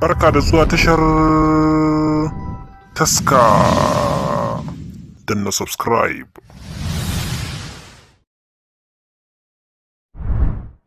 Barka da zuwa tashar taska. Danna subscribe.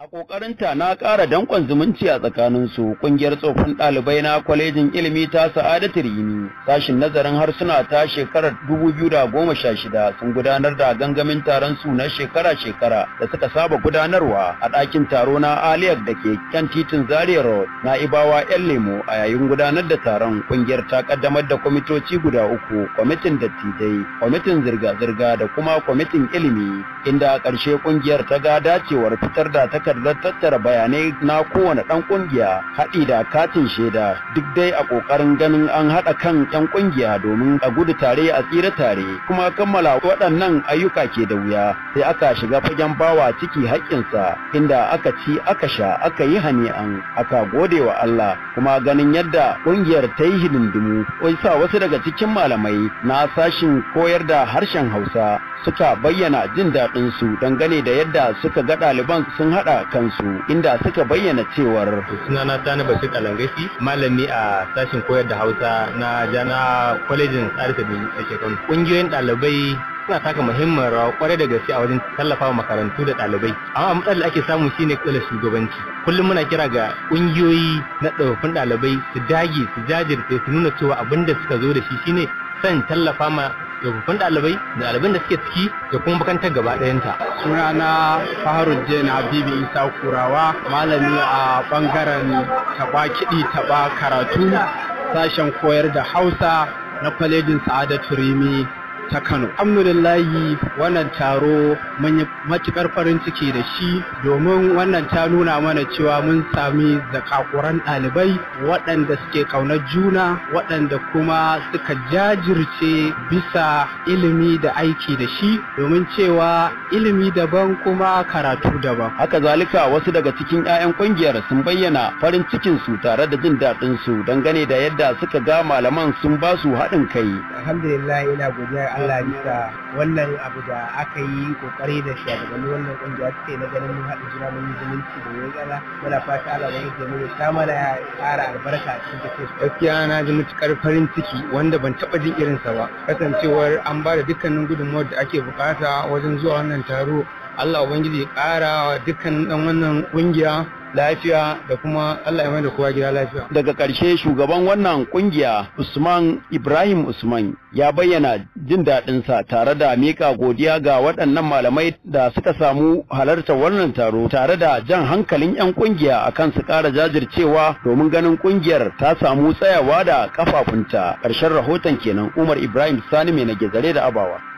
kokarinta na ƙara dankon zumunci a tsakaninsu ƙungiyar tsofin ɗalibai na kwalejin ilimi ta Sa'adatu Rimi, sashin nazarin harsuna ta shekarar 2016 sun gudanar da gangamin taron su na shekara-shekara da suka saba gudanarwa a ɗakin taro na aliyar da ke kan titin zaria road na ibawa yan lemo a yayin gudanar da taron ƙungiyar ta kaddamar da kwamitoci guda uku kwamitin dattijai kwamitin zirga-zirga da kuma kwamitin ilimi inda a ƙarshe ƙungiyar ta ga dacewar fitar da takarda. da tattara bayanai na kowane ɗan ƙungiya haɗi da katin shaida duk dai a ƙoƙarin ganin an haɗa kan 'yan ƙungiya domin a gudu tare a tsira tare kuma kammala waɗannan ayyuka ke da wuya sai aka shiga fagen bawa ciki haƙƙinsa inda aka ci aka sha aka yi an, aka gode wa Allah kuma ganin yadda ƙungiyar ta yi hidindimu sa wasu daga cikin malamai na sashin koyar da harshen Hausa suka bayyana jin daɗinsu dangane da yadda suka ga ɗaliban sun haɗa kansu inda suka bayyana cewar sunana sani bashir alangasi malami a sashen koyar da hausa na jana kwalejin tsari da ke kano ƙungiyoyin ɗalibai suna taka muhimmin rawa kwarai da gaske a wajen tallafawa makarantu da ɗalibai amma matsalar da ake samu shine kula shugabanci kullum muna kira ga ƙungiyoyi na tsofaffin ɗalibai su dage su jajirce su nuna cewa abin da suka zo da shi shine san tallafa ma tsofaffin dalibai ɗalibai da ɗaliban da suke ciki da kuma makarantar gaba ɗayanta. Sunana na Habibu Isa Kurawa malami a ɓangaren taɓa kiɗi taɓa karatu sashen koyar da Hausa na kwalejin Sa'adatu Rimi ta Kano. Alhamdulillahi wannan taro mun yi matukar farin ciki da shi domin wannan ta nuna mana cewa mun sami zakakuran ɗalibai waɗanda suke ƙaunar juna waɗanda kuma suka jajirce bisa ilimi da aiki da shi domin cewa ilimi daban kuma karatu daban. Haka zalika wasu daga cikin 'ya'yan ƙungiyar sun bayyana farin cikin su tare da jin daɗinsu dangane da yadda suka ga malaman sun ba su haɗin kai. Alhamdulillah ina godiya Allah bisa wannan abu da aka yi kokari da shugabanni wannan kungiya suke na ganin mun haɗa juna mun yi zumunci da wani tsara muna fata Allah wani zai mun ta mana ya ƙara albarka a cikin tafiya. Gaskiya na ji matukar farin ciki wanda ban taɓa jin irinsa ba kasancewar an ba da dukkanin gudunmawar da ake bukata wajen zuwa wannan taro Allah Ubangiji ya ƙara wa dukkanin ɗan wannan ƙungiya lafiya da kuma Allah ya mai da kowa gida lafiya. Daga ƙarshe shugaban wannan ƙungiya Usman Ibrahim Usman ya bayyana jin daɗinsa tare da miƙa godiya ga waɗannan malamai da suka samu halartar wannan taro tare da jan hankalin 'yan ƙungiya a kan su ƙara jajircewa domin ganin ƙungiyar ta samu tsayawa da ƙafafunta, Ƙarshen rahoton kenan Umar Ibrahim Sani mai na da abawa.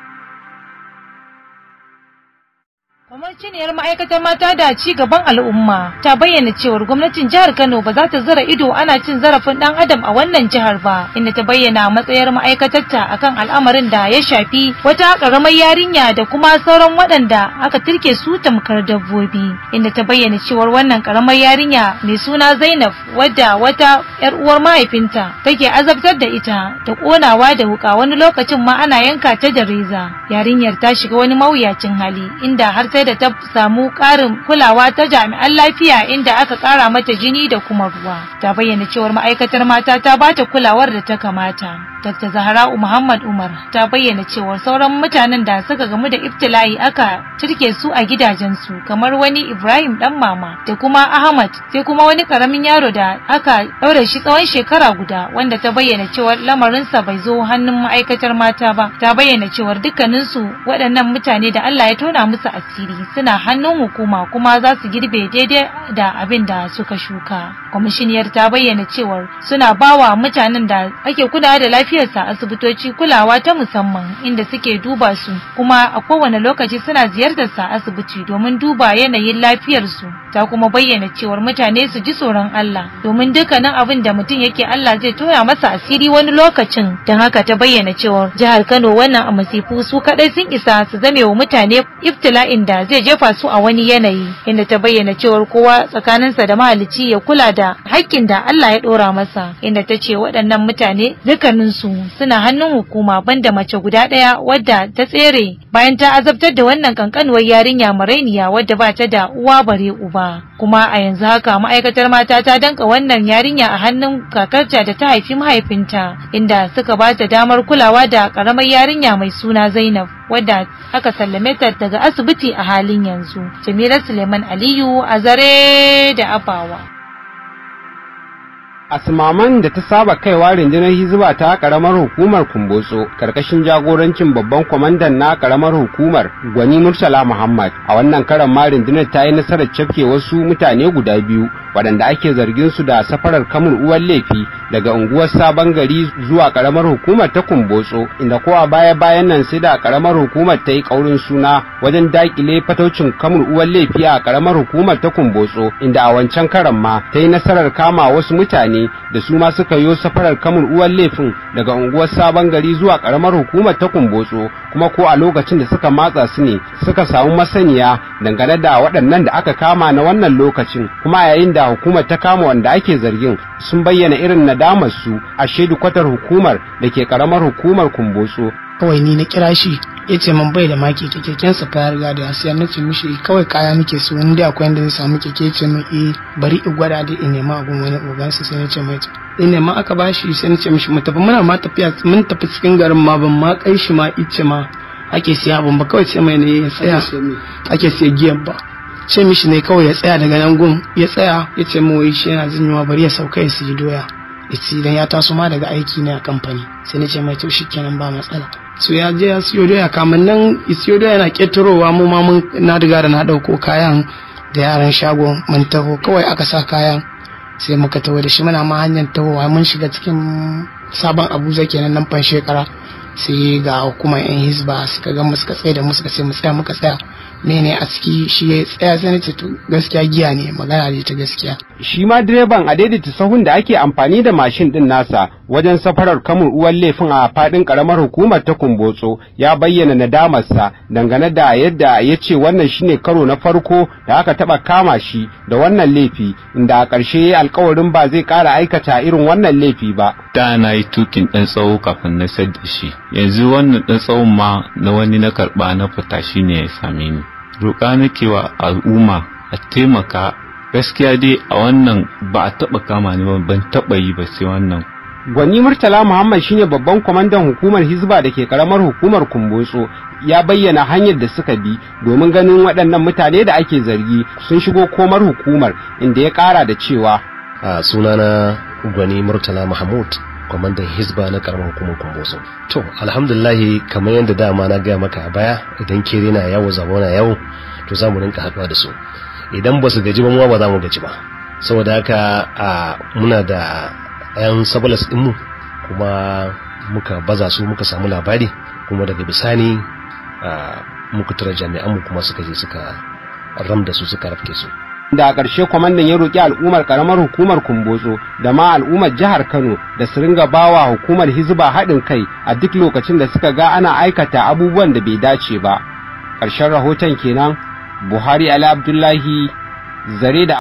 Kwamishiniyar ma'aikatar mata da ci gaban al'umma ta bayyana cewar gwamnatin jihar Kano ba za ta zara ido ana cin zarafin ɗan adam a wannan jihar ba, inda ta bayyana matsayar ma'aikatarta akan al'amarin da ya shafi wata karamar yarinya da kuma sauran waɗanda aka turke su tamkar dabbobi, inda ta bayyana cewar wannan karamar yarinya mai suna Zainab wadda wata yar uwar mahaifinta take azabtar da ita ta ƙonawa da wuka wani lokacin ma ana yanka ta da reza. Yarinyar ta shiga wani mawuyacin hali inda har ta sai da ta samu ƙarin kulawa ta jami'an lafiya inda aka ƙara mata jini da kuma ruwa ta bayyana cewar ma'aikatar mata ta bata kulawar da ta kamata Dr. Zahra'u Muhammad Umar ta bayyana cewa sauran mutanen da suka gamu da iftila'i aka cirke su a gidajensu kamar wani Ibrahim dan mama da kuma Ahmad sai kuma wani karamin yaro da aka daure shi tsawon shekara guda wanda ta bayyana cewa lamarinsa bai zo hannun ma'aikatar mata ba ta bayyana cewa dukkaninsu waɗannan mutane da Allah ya tona musu asiri suna hannun hukuma kuma za su girbe daidai da abin da suka shuka. Kwamishiniyar ta bayyana cewa suna bawa mutanen da ake kula da lafiya lafiyarsa asibitoci kulawa ta musamman inda suke duba su kuma a kowane lokaci suna ziyartarsa asibiti domin duba yanayin lafiyarsu ta kuma bayyana cewar mutane su ji tsoron Allah domin dukkanin abin da mutum yake Allah zai toya masa asiri wani lokacin don haka ta bayyana cewar jihar Kano wannan a masifu su kadai sun isa su zame wa mutane ibtila'in da zai jefa su a wani yanayi inda ta bayyana cewar kowa tsakaninsa da mahalicci ya kula da hakkin da Allah ya ɗora masa inda ta ce waɗannan mutane su. su suna hannun hukuma banda mace guda ɗaya wadda ta tsere bayan ta azabtar da wannan kankanuwar yarinya marainiya wadda ba ta da uwa bare uba kuma a yanzu haka ma'aikatar mata ta danka wannan yarinya a hannun kakarta da ta haifi mahaifinta inda suka ba ta damar kulawa da karamar yarinya mai suna Zainab wadda aka sallame ta daga asibiti a halin yanzu Jamila Suleiman Aliyu Azare da Abawa asmaman da ta saba kaiwa rundunar hizba ta karamar hukumar kumbotso karkashin jagorancin babban kwamandan na karamar hukumar gwani murtala muhammad a wannan karan ma rundunar ta yi nasarar cafke wasu mutane guda biyu waɗanda ake zargin su da safarar kamun uwan laifi daga unguwar sabon gari zuwa karamar hukumar ta kumbotso inda ko a baya bayan nan sai da karamar hukumar ta yi ƙaurin suna wajen dakile fataucin kamun uwan laifi a karamar hukumar ta kumbotso inda a wancan karan ma ta yi nasarar kama wasu mutane da su ma suka yo safarar kamar uwan laifin daga unguwar sabon gari zuwa karamar hukumar ta kumbotso kuma ko a lokacin da suka matsa su ne suka samu masaniya dangane da waɗannan da aka kama na wannan lokacin kuma yayin da hukumar ta kama wanda ake zargin sun bayyana irin nadamar su a shaidu kwatar hukumar da ke karamar hukumar kumbotso kawai ni na kira shi ya ce man bai da maki kekeken keken sa fa riga da ya siya na ce mishi eh, kawai kaya nake so in dai akwai inda zai samu keke ce min eh bari in gwada da in nema abun wani sa sai na ce mai in nema aka bashi sai na ce mishi mu tafi muna ma tafiya mun tafi cikin garin ma ban ma kai shi ma ice ma ake siya abun ba kawai ce mai ne ya tsaya ake siya giyan ba ce mishi ne kawai ya tsaya daga nan gun ya tsaya ya ce mu shi yana jin yunwa bari ya sauka ya siyi doya idan ya taso ma daga aiki ne a kamfani sai na ce mai to shikenan ba matsala so ya je ya siyo doya kamin nan siyo doya yana ƙetarowa mu ma mun na riga da na ɗauko kayan da yaran shagon mun taho kawai aka sa kayan sai muka taho da shi muna ma hanyar tahowa mun shiga cikin sabon abuja kenan nan fan shekara sai ga hukuma yan hisba suka ga musu suka tsaye da musu suka mu tsaya muka tsaya mene a ciki shi ya tsaya sai ce to gaskiya giya ne magana ne ta gaskiya shi ma direban a daidaita sahun da ake amfani da mashin din nasa wajen safarar kamun uwan laifin a fadin karamar hukumar ta kumbotso ya bayyana nadamarsa dangane da yadda ya ce wannan shine karo na farko da aka taba kama shi da wannan laifi inda a karshe ya alkawarin ba zai kara aikata irin wannan laifi ba da na yi tukin ɗan tsawo kafin na sayar da shi yanzu wannan ɗan tsawon ma na wani na karɓa na fita shi ne ya same ni roƙa nake wa al'umma a taimaka gaskiya dai a wannan ba a taɓa kama ni ba ban taɓa yi ba sai wannan gwani murtala muhammad shine babban kwamandan hukumar hizba da ke karamar hukumar kumbotso ya bayyana hanyar da suka bi domin ganin waɗannan mutane da ake zargi sun shigo komar hukumar inda ya ƙara da cewa a sunana gwani murtala muhammad kwamandan hisba na karamar kuma kumbosu to alhamdulillahi kamar yadda dama na gaya maka a baya idan kere na yawo zabo na yawo to za mu rinka haɗuwa da su idan ba su gaji ba mu ba za mu gaji ba saboda haka a muna da 'yan sabalas ɗinmu kuma muka baza su muka samu labari kuma daga bisani muka tura jami'anmu kuma suka je suka ramda su suka rafke su da a ƙarshe kwamandan ya roƙi al'ummar ƙaramar hukumar kumbotso da ma al'ummar jihar kano da su ringa bawa hukumar hizba haɗin kai a duk lokacin da suka ga ana aikata abubuwan da bai dace ba ƙarshen rahoton kenan buhari ali abdullahi zare da